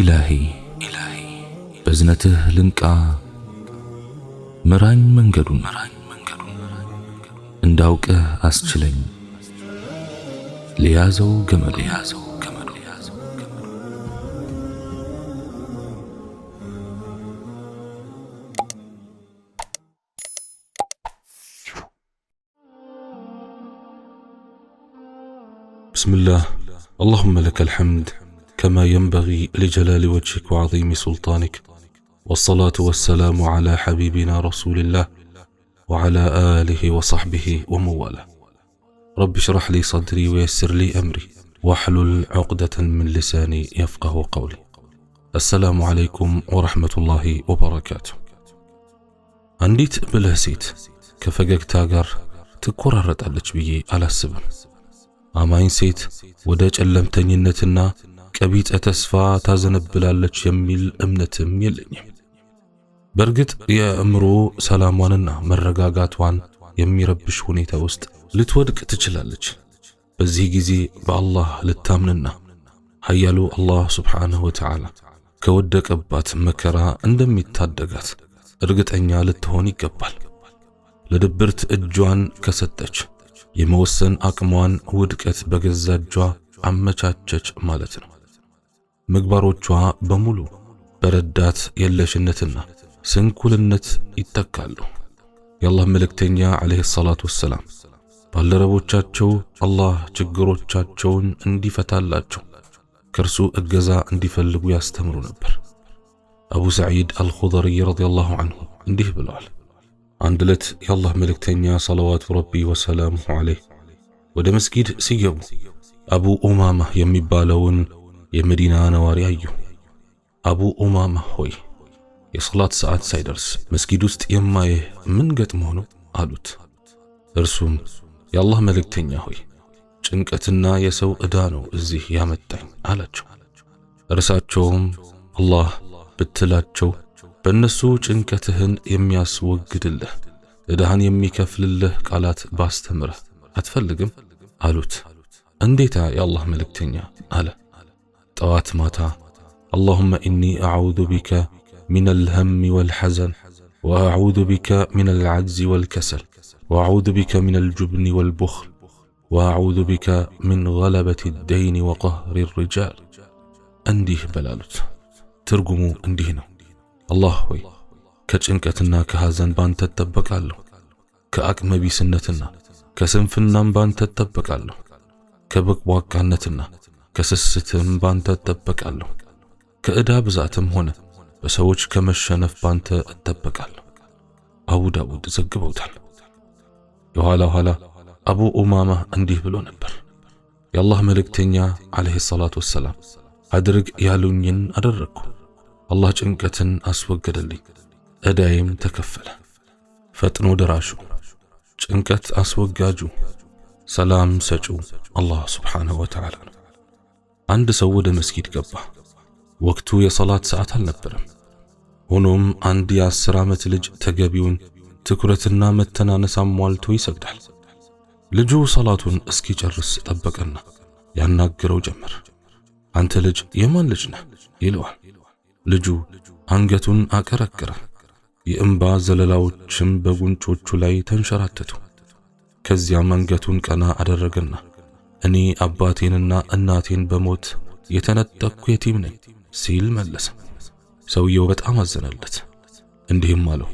إلهي إلهي بزنته لنكا مران منجدو مران منجدو اندوك أسجلين ليازو جمل ليازو جمل ليازو جمل بسم الله اللهم لك الحمد كما ينبغي لجلال وجهك وعظيم سلطانك والصلاة والسلام على حبيبنا رسول الله وعلى آله وصحبه ومواله رب اشرح لي صدري ويسر لي أمري واحلل عقدة من لساني يفقه قولي السلام عليكم ورحمة الله وبركاته አንዲት ብልህ ሴት ከፈገግታ ጋር على ብዬ أما አማኝ ሴት ألمتني النتنا ቀቢጠ ተስፋ ታዘነብላለች የሚል እምነትም የለኝም። በእርግጥ የአእምሮ ሰላሟንና መረጋጋቷን የሚረብሽ ሁኔታ ውስጥ ልትወድቅ ትችላለች። በዚህ ጊዜ በአላህ ልታምንና ኃያሉ አላህ ስብሓንሁ ወተዓላ ከወደቀባት መከራ እንደሚታደጋት እርግጠኛ ልትሆን ይገባል። ለድብርት እጇን ከሰጠች የመወሰን አቅሟን ውድቀት በገዛ እጇ አመቻቸች ማለት ነው። ምግባሮቿ በሙሉ በረዳት የለሽነትና ስንኩልነት ይተካሉ። የአላህ መልእክተኛ ዓለይሂ ሰላቱ ወሰላም ባልደረቦቻቸው አላህ ችግሮቻቸውን እንዲፈታላቸው ከእርሱ እገዛ እንዲፈልጉ ያስተምሩ ነበር። አቡ ሰዒድ አልኹደሪ ረዲየላሁ አንሁ እንዲህ ብለዋል። አንድ ዕለት የአላህ መልእክተኛ ሰለዋቱ ረቢ ወሰላሙሁ ዓለይህ ወደ መስጊድ ሲገቡ አቡ ኡማማ የሚባለውን የመዲና ነዋሪ አዩ። አቡ ኡማማ ሆይ የሰላት ሰዓት ሳይደርስ መስጊድ ውስጥ የማይህ ምን ገጥሞህ ነው አሉት። እርሱም የአላህ መልእክተኛ ሆይ ጭንቀትና የሰው ዕዳ ነው እዚህ ያመጣኝ አላቸው። እርሳቸውም አላህ ብትላቸው በእነሱ ጭንቀትህን የሚያስወግድልህ ዕዳህን የሚከፍልልህ ቃላት ባስተምረህ አትፈልግም አሉት። እንዴታ የአላህ መልእክተኛ አለ። اوقات ماتا اللهم اني اعوذ بك من الهم والحزن واعوذ بك من العجز والكسل واعوذ بك من الجبن والبخل واعوذ بك من غلبه الدين وقهر الرجال انديه بلالوت ترجموا انديهنا الله وي كچنكتنا كهازن بان تتبك تتبقالو كاكمبي سنتنا كسنفنا بان تتبك تتبقالو كبك واكانتنا ከስስትም ባንተ እጠበቃለሁ። ከዕዳ ብዛትም ሆነ በሰዎች ከመሸነፍ ባንተ እጠበቃለሁ። አቡ ዳውድ ዘግበውታል። የኋላ ኋላ አቡ ኡማማ እንዲህ ብሎ ነበር፣ የአላህ መልእክተኛ ዓለይሂ ሰላቱ ወሰላም አድርግ ያሉኝን አደረግኩ። አላህ ጭንቀትን አስወገደልኝ፣ ዕዳዬም ተከፈለ። ፈጥኖ ደራሹ፣ ጭንቀት አስወጋጁ፣ ሰላም ሰጪው አላህ ሱብሓነሁ ወተዓላ ነው። አንድ ሰው ወደ መስጊድ ገባ። ወቅቱ የሰላት ሰዓት አልነበረም። ሆኖም አንድ የአስር ዓመት ልጅ ተገቢውን ትኩረትና መተናነስ አሟልቶ ይሰግዳል። ልጁ ሰላቱን እስኪጨርስ ጠበቀና ያናግረው ጀመር። አንተ ልጅ የማን ልጅ ነህ? ይለዋል። ልጁ አንገቱን አቀረቀረ፣ የእምባ ዘለላዎችም በጉንጮቹ ላይ ተንሸራተቱ። ከዚያም አንገቱን ቀና አደረገና እኔ አባቴንና እናቴን በሞት የተነጠቅኩ የቲም ነኝ ሲል መለሰ። ሰውየው በጣም አዘነለት። እንዲህም አለው፣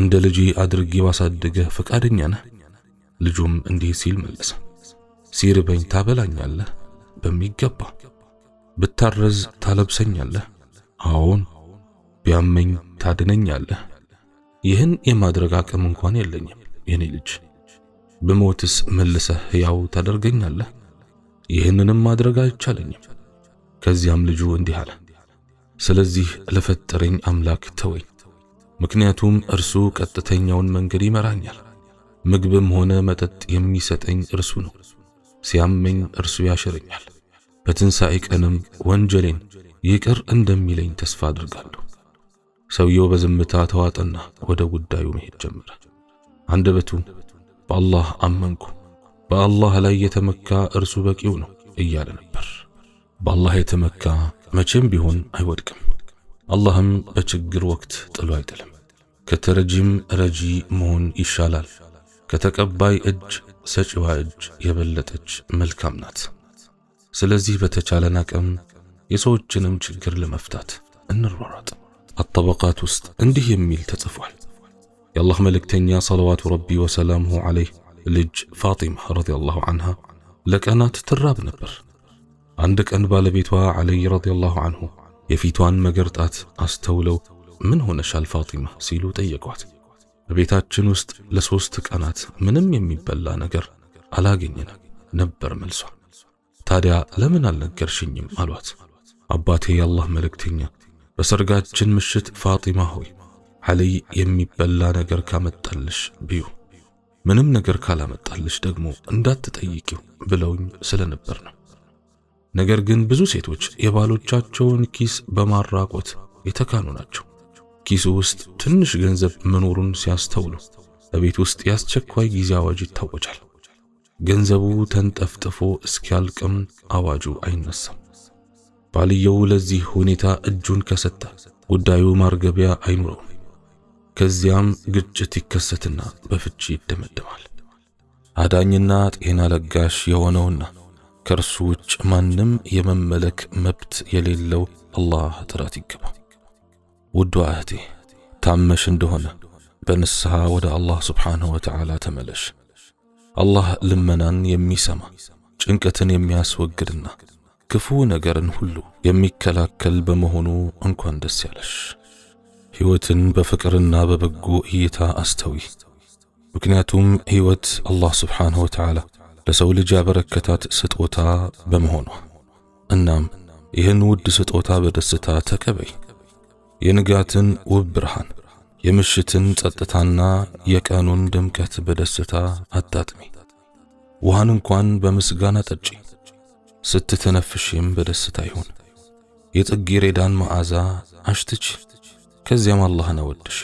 እንደ ልጄ አድርጌ ማሳደግህ ፈቃደኛ ነህ? ልጁም እንዲህ ሲል መለሰ፣ ሲርበኝ ታበላኛለህ? በሚገባ። ብታረዝ ታለብሰኛለህ? አዎን። ቢያመኝ ታድነኛለህ? ይህን የማድረግ አቅም እንኳን የለኝም የኔ ልጅ ብሞትስ መልሰህ ሕያው ታደርገኛለህ? ይህንንም ማድረግ አይቻለኝም። ከዚያም ልጁ እንዲህ አለ፣ ስለዚህ ለፈጠረኝ አምላክ ተወኝ፣ ምክንያቱም እርሱ ቀጥተኛውን መንገድ ይመራኛል። ምግብም ሆነ መጠጥ የሚሰጠኝ እርሱ ነው። ሲያመኝ እርሱ ያሽረኛል። በትንሣኤ ቀንም ወንጀሌን ይቅር እንደሚለኝ ተስፋ አድርጋለሁ። ሰውየው በዝምታ ተዋጠና ወደ ጉዳዩ መሄድ ጀመረ። አንደበቱ በአላህ አመንኩ፣ በአላህ ላይ የተመካ እርሱ በቂው ነው እያለ ነበር። በአላህ የተመካ መቼም ቢሆን አይወድቅም። አላህም በችግር ወቅት ጥሎ አይጥልም። ከተረጂም ረጂ መሆን ይሻላል። ከተቀባይ እጅ ሰጪዋ እጅ የበለጠች መልካም ናት። ስለዚህ በተቻለን አቅም የሰዎችንም ችግር ለመፍታት እንሯሯጥ። አጠበቃት ውስጥ እንዲህ የሚል ተጽፏል። የአላህ መልእክተኛ ሰለዋቱ ረቢ ወሰላሙሁ ዐለይህ ልጅ ፋጢማ ረዲየላሁ ዐንሃ ለቀናት ትራብ ነበር። አንድ ቀን ባለቤቷ ዐሊይ ረዲየላሁ ዐንሁ የፊቷን መገርጣት አስተውለው ምን ሆነሻል ፋጢማ ሲሉ ጠየቋት። በቤታችን ውስጥ ለሦስት ቀናት ምንም የሚበላ ነገር አላገኘን ነበር መልሷ። ታዲያ ለምን አልነገርሽኝም አሏት። አባቴ የአላህ መልእክተኛ በሰርጋችን ምሽት ፋጢማ ሆይ ዐሊይ የሚበላ ነገር ካመጣልሽ ብዩ፣ ምንም ነገር ካላመጣልሽ ደግሞ እንዳትጠይቂው ብለውኝ ስለነበር ነው። ነገር ግን ብዙ ሴቶች የባሎቻቸውን ኪስ በማራቆት የተካኑ ናቸው። ኪሱ ውስጥ ትንሽ ገንዘብ መኖሩን ሲያስተውሉ በቤት ውስጥ የአስቸኳይ ጊዜ አዋጅ ይታወጃል። ገንዘቡ ተንጠፍጥፎ እስኪያልቅም አዋጁ አይነሳም። ባልየው ለዚህ ሁኔታ እጁን ከሰጠ ጉዳዩ ማርገቢያ አይኖረውም። ከዚያም ግጭት ይከሰትና በፍቺ ይደመደማል። አዳኝና ጤና ለጋሽ የሆነውና ከእርሱ ውጭ ማንም የመመለክ መብት የሌለው አላህ ጥራት ይገባ። ውዷ እህቴ ታመሽ እንደሆነ በንስሐ ወደ አላህ ስብሓንሁ ወተዓላ ተመለሽ። አላህ ልመናን የሚሰማ ጭንቀትን የሚያስወግድና ክፉ ነገርን ሁሉ የሚከላከል በመሆኑ እንኳን ደስ ያለሽ። ሕይወትን በፍቅርና በበጎ እይታ አስተዊ። ምክንያቱም ሕይወት አላህ ስብሓንሁ ወተዓላ ለሰው ልጅ ያበረከታት ስጦታ በመሆኗ። እናም ይህን ውድ ስጦታ በደስታ ተቀበይ። የንጋትን ውብ ብርሃን፣ የምሽትን ጸጥታና የቀኑን ድምቀት በደስታ አጣጥሚ። ውሃን እንኳን በምስጋና ጠጪ፣ ስትተነፍሽም በደስታ ይሁን። የጽጌረዳን መዓዛ አሽትች ከዚያም አላህን አወድሽ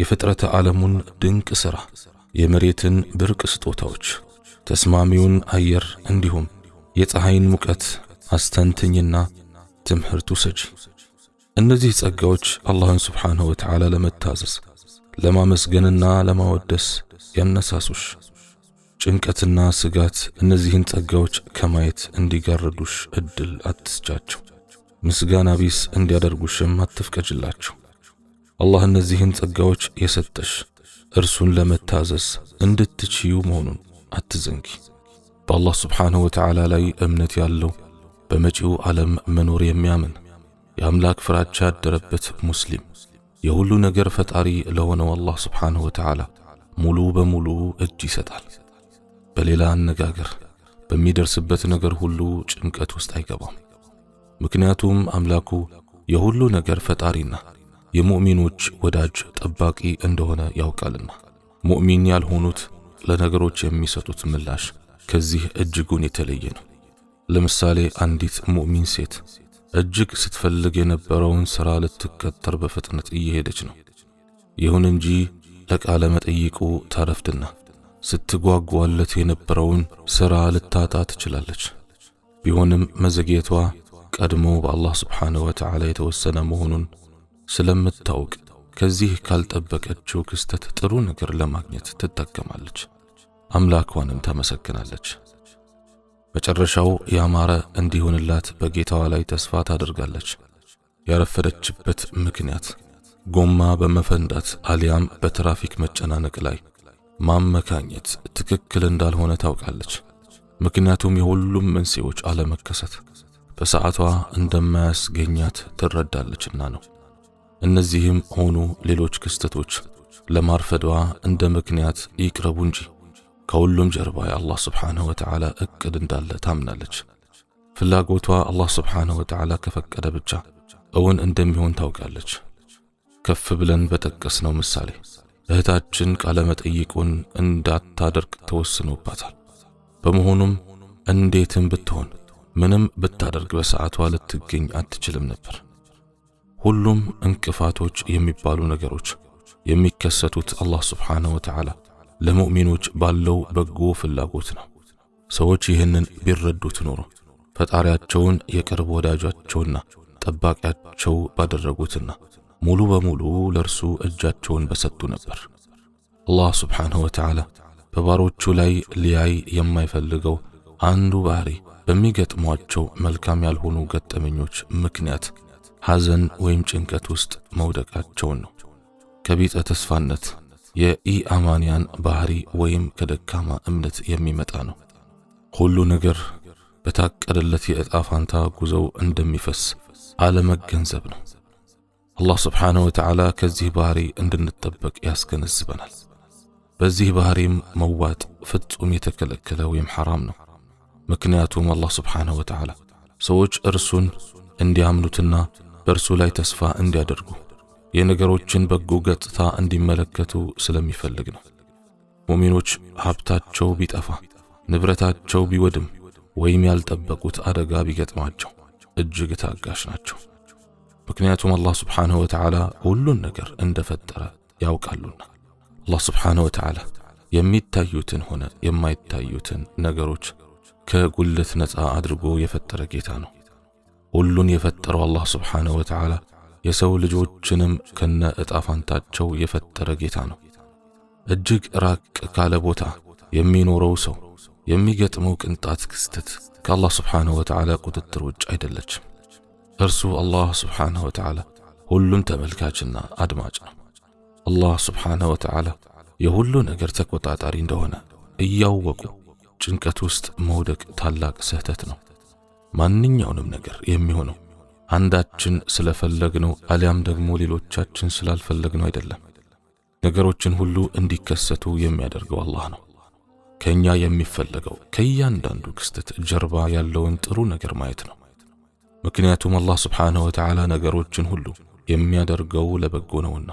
የፍጥረተ ዓለሙን ድንቅ ሥራ፣ የመሬትን ብርቅ ስጦታዎች፣ ተስማሚውን አየር እንዲሁም የፀሐይን ሙቀት አስተንትኝና ትምህርት ውሰጂ። እነዚህ ጸጋዎች አላህን ስብሓንሁ ወተዓላ ለመታዘዝ ለማመስገንና ለማወደስ ያነሳሱሽ። ጭንቀትና ስጋት እነዚህን ጸጋዎች ከማየት እንዲጋርዱሽ እድል አትስጫቸው። ምስጋና ቢስ እንዲያደርጉሽም አትፍቀጅላቸው። አላህ እነዚህን ጸጋዎች የሰጠሽ እርሱን ለመታዘዝ እንድትችዩ መሆኑን አትዘንጊ። በአላህ ስብሓንሁ ወተዓላ ላይ እምነት ያለው በመጪው ዓለም መኖር የሚያምን የአምላክ ፍራቻ ያደረበት ሙስሊም የሁሉ ነገር ፈጣሪ ለሆነው አላህ ስብሓንሁ ወተዓላ ሙሉ በሙሉ እጅ ይሰጣል። በሌላ አነጋገር በሚደርስበት ነገር ሁሉ ጭንቀት ውስጥ አይገባም። ምክንያቱም አምላኩ የሁሉ ነገር ፈጣሪና የሙእሚኖች ወዳጅ ጠባቂ እንደሆነ ያውቃልና። ሙእሚን ያልሆኑት ለነገሮች የሚሰጡት ምላሽ ከዚህ እጅጉን የተለየ ነው። ለምሳሌ አንዲት ሙእሚን ሴት እጅግ ስትፈልግ የነበረውን ሥራ ልትቀጠር በፍጥነት እየሄደች ነው። ይሁን እንጂ ለቃለ መጠይቁ ታረፍድና ስትጓጓለት የነበረውን ሥራ ልታጣ ትችላለች። ቢሆንም መዘግየቷ ቀድሞ በአላህ ስብሓንሁ ወተዓላ የተወሰነ መሆኑን ስለምታውቅ ከዚህ ካልጠበቀችው ክስተት ጥሩ ነገር ለማግኘት ትጠቀማለች፣ አምላኳንም ታመሰግናለች። መጨረሻው ያማረ እንዲሆንላት በጌታዋ ላይ ተስፋ ታደርጋለች። ያረፈደችበት ምክንያት ጎማ በመፈንዳት አሊያም በትራፊክ መጨናነቅ ላይ ማመካኘት ትክክል እንዳልሆነ ታውቃለች። ምክንያቱም የሁሉም መንስኤዎች አለመከሰት በሰዓቷ እንደማያስገኛት ትረዳለችና ነው። እነዚህም ሆኑ ሌሎች ክስተቶች ለማርፈዷ እንደ ምክንያት ይቅረቡ እንጂ ከሁሉም ጀርባ የአላህ ስብሓንሁ ወተዓላ እቅድ እንዳለ ታምናለች። ፍላጎቷ አላህ ስብሓንሁ ወተዓላ ከፈቀደ ብቻ እውን እንደሚሆን ታውቃለች። ከፍ ብለን በጠቀስነው ምሳሌ እህታችን ቃለመጠይቁን እንዳታደርግ ተወስኖባታል። በመሆኑም እንዴትም ብትሆን ምንም ብታደርግ በሰዓቷ ልትገኝ አትችልም ነበር። ሁሉም እንቅፋቶች የሚባሉ ነገሮች የሚከሰቱት አላህ ስብሓንሁ ወተዓላ ለሙእሚኖች ባለው በጎ ፍላጎት ነው። ሰዎች ይህንን ቢረዱት ኖሮ ፈጣሪያቸውን የቅርብ ወዳጃቸውና ጠባቂያቸው ባደረጉትና ሙሉ በሙሉ ለእርሱ እጃቸውን በሰጡ ነበር። አላህ ስብሓንሁ ወተዓላ በባሮቹ ላይ ሊያይ የማይፈልገው አንዱ ባህሪ በሚገጥሟቸው መልካም ያልሆኑ ገጠመኞች ምክንያት ሐዘን ወይም ጭንቀት ውስጥ መውደቃቸውን ነው። ከቢጠ ተስፋነት የኢአማንያን ባህሪ ወይም ከደካማ እምነት የሚመጣ ነው። ሁሉ ነገር በታቀደለት የዕጣ ፋንታ ጉዞው እንደሚፈስ አለመገንዘብ ነው። አላህ ስብሓንሁ ወተዓላ ከዚህ ባህሪ እንድንጠበቅ ያስገነዝበናል። በዚህ ባህሪም መዋጥ ፍጹም የተከለከለ ወይም ሐራም ነው። ምክንያቱም አላህ ስብሓንሁ ወተዓላ ሰዎች እርሱን እንዲያምኑትና በእርሱ ላይ ተስፋ እንዲያደርጉ የነገሮችን በጎ ገጽታ እንዲመለከቱ ስለሚፈልግ ነው። ሙሚኖች ሀብታቸው ቢጠፋ፣ ንብረታቸው ቢወድም ወይም ያልጠበቁት አደጋ ቢገጥማቸው እጅግ ታጋሽ ናቸው። ምክንያቱም አላህ ስብሓንሁ ወተዓላ ሁሉን ነገር እንደፈጠረ ያውቃሉና። አላህ ስብሓንሁ ወተዓላ የሚታዩትን ሆነ የማይታዩትን ነገሮች ከጉልት ነፃ አድርጎ የፈጠረ ጌታ ነው። ሁሉን የፈጠረው አላህ ስብሓነሁ ወተዓላ የሰው ልጆችንም ከነ ዕጣ የፈጠረ ጌታ ነው። እጅግ ራቅ ካለ ቦታ የሚኖረው ሰው የሚገጥመው ቅንጣት ክስተት ከአላህ ስብሓነሁ ወተዓላ ቁጥጥር ውጭ አይደለችም። እርሱ አላህ ስብሓነሁ ወተዓላ ሁሉን ተመልካችና አድማጭ ነው። አላህ ስብሓነሁ ወተዓላ የሁሉ ነገር ተቆጣጣሪ እንደሆነ እያወቁ ጭንቀት ውስጥ መውደቅ ታላቅ ስህተት ነው። ማንኛውንም ነገር የሚሆነው አንዳችን ስለፈለግነው አሊያም ደግሞ ሌሎቻችን ስላልፈለግነው አይደለም። ነገሮችን ሁሉ እንዲከሰቱ የሚያደርገው አላህ ነው። ከእኛ የሚፈለገው ከእያንዳንዱ ክስተት ጀርባ ያለውን ጥሩ ነገር ማየት ነው። ምክንያቱም አላህ ስብሓንሁ ወተዓላ ነገሮችን ሁሉ የሚያደርገው ለበጎ ነውና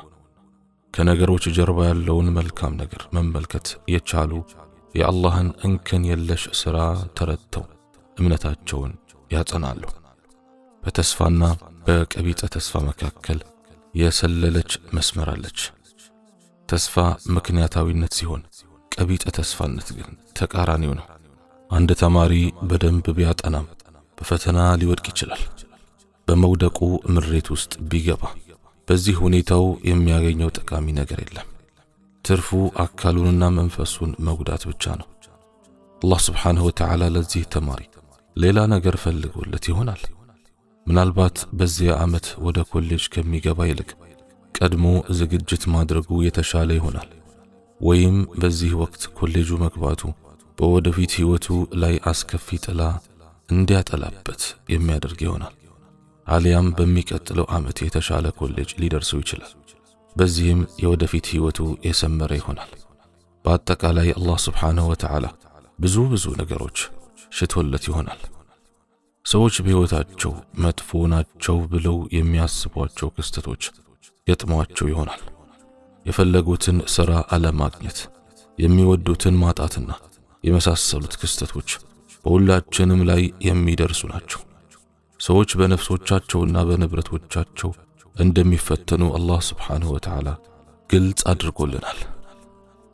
ከነገሮች ጀርባ ያለውን መልካም ነገር መመልከት የቻሉ የአላህን እንከን የለሽ ሥራ ተረድተው እምነታቸውን ያጸናሉ። በተስፋና በቀቢጸ ተስፋ መካከል የሰለለች መስመር አለች። ተስፋ ምክንያታዊነት ሲሆን፣ ቀቢጸ ተስፋነት ግን ተቃራኒው ነው። አንድ ተማሪ በደንብ ቢያጠናም በፈተና ሊወድቅ ይችላል። በመውደቁ ምሬት ውስጥ ቢገባ በዚህ ሁኔታው የሚያገኘው ጠቃሚ ነገር የለም። ትርፉ አካሉንና መንፈሱን መጉዳት ብቻ ነው። አላህ ስብሓንሁ ወተዓላ ለዚህ ተማሪ ሌላ ነገር ፈልጎለት ይሆናል። ምናልባት በዚያ ዓመት ወደ ኮሌጅ ከሚገባ ይልቅ ቀድሞ ዝግጅት ማድረጉ የተሻለ ይሆናል። ወይም በዚህ ወቅት ኮሌጁ መግባቱ በወደፊት ሕይወቱ ላይ አስከፊ ጥላ እንዲያጠላበት የሚያደርግ ይሆናል። አሊያም በሚቀጥለው ዓመት የተሻለ ኮሌጅ ሊደርሰው ይችላል። በዚህም የወደፊት ሕይወቱ የሰመረ ይሆናል። በአጠቃላይ አላህ ስብሓንሁ ወተዓላ ብዙ ብዙ ነገሮች ሽቶለት ይሆናል። ሰዎች በሕይወታቸው መጥፎ ናቸው ብለው የሚያስቧቸው ክስተቶች ገጥመዋቸው ይሆናል። የፈለጉትን ሥራ አለማግኘት፣ የሚወዱትን ማጣትና የመሳሰሉት ክስተቶች በሁላችንም ላይ የሚደርሱ ናቸው። ሰዎች በነፍሶቻቸውና በንብረቶቻቸው እንደሚፈተኑ አላህ ስብሓንሁ ወተዓላ ግልጽ አድርጎልናል።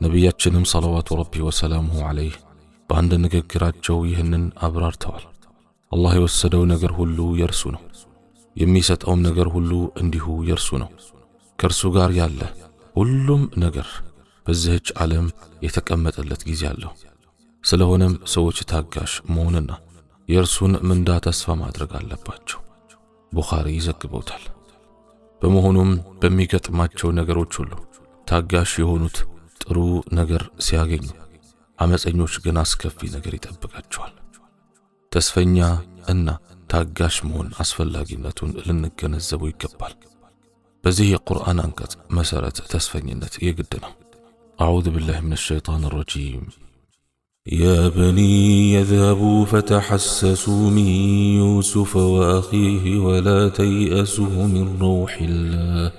ነቢያችንም ሰለዋቱ ረቢ ወሰላሙሁ ዓለይህ በአንድ ንግግራቸው ይህንን አብራርተዋል። አላህ የወሰደው ነገር ሁሉ የእርሱ ነው፣ የሚሰጠውም ነገር ሁሉ እንዲሁ የእርሱ ነው። ከእርሱ ጋር ያለ ሁሉም ነገር በዚህች ዓለም የተቀመጠለት ጊዜ አለው። ስለሆነም ሰዎች ታጋሽ መሆንና የእርሱን ምንዳ ተስፋ ማድረግ አለባቸው። ቡኻሪ ይዘግበውታል። በመሆኑም በሚገጥማቸው ነገሮች ሁሉ ታጋሽ የሆኑት ጥሩ ነገር ሲያገኙ፣ አመፀኞች ግን አስከፊ ነገር ይጠብቃቸዋል። ተስፈኛ እና ታጋሽ መሆን አስፈላጊነቱን ልንገነዘቡ ይገባል። በዚህ የቁርአን አንቀጽ መሰረት ተስፈኝነት የግድ ነው። አዑዝ ቢላሂ ምን ሸይጣን ረጂም يا بني يذهبوا فتحسسوا من يوسف وأخيه ولا تيأسوا من روح الله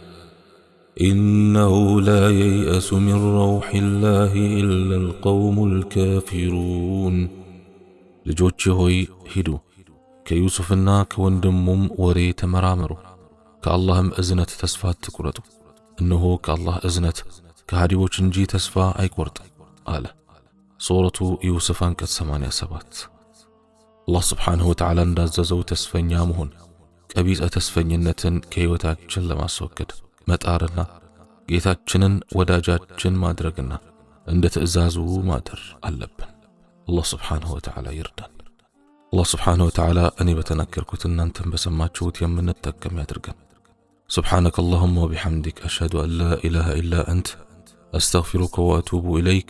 إنه لا ييأس من روح الله إلا القوم الكافرون هدو كيوسف الناك ከዩሱፍና وريت ወሬ كاللهم أزنت تسفات ተስፋ إنه كالله أزنت كهدي ከሃዲዎች እንጂ أي አይቆርጥ آله ሱረቱ ዩሱፍ አንቀጽ 87 አላህ ስብሓንሁ ወተዓላ እንዳዘዘው ተስፈኛ መሆን ቀቢጸ ተስፈኝነትን ከሕይወታችን ለማስወገድ መጣርና ጌታችንን ወዳጃችን ማድረግና እንደ ትእዛዙ ማደር አለብን። አላህ ስብሓንሁ ወተዓላ ይርዳን። አላህ ስብሓንሁ ወተዓላ እኔ በተናገርኩት እናንተን በሰማችሁት የምንጠቀም ያድርገን። ስብሓነከ አላሁማ ወቢሐምዲክ አሽሀዱ አን ላ ኢላሃ ኢላ አንት አስተግፊሩከ ወአቱቡ ኢለይክ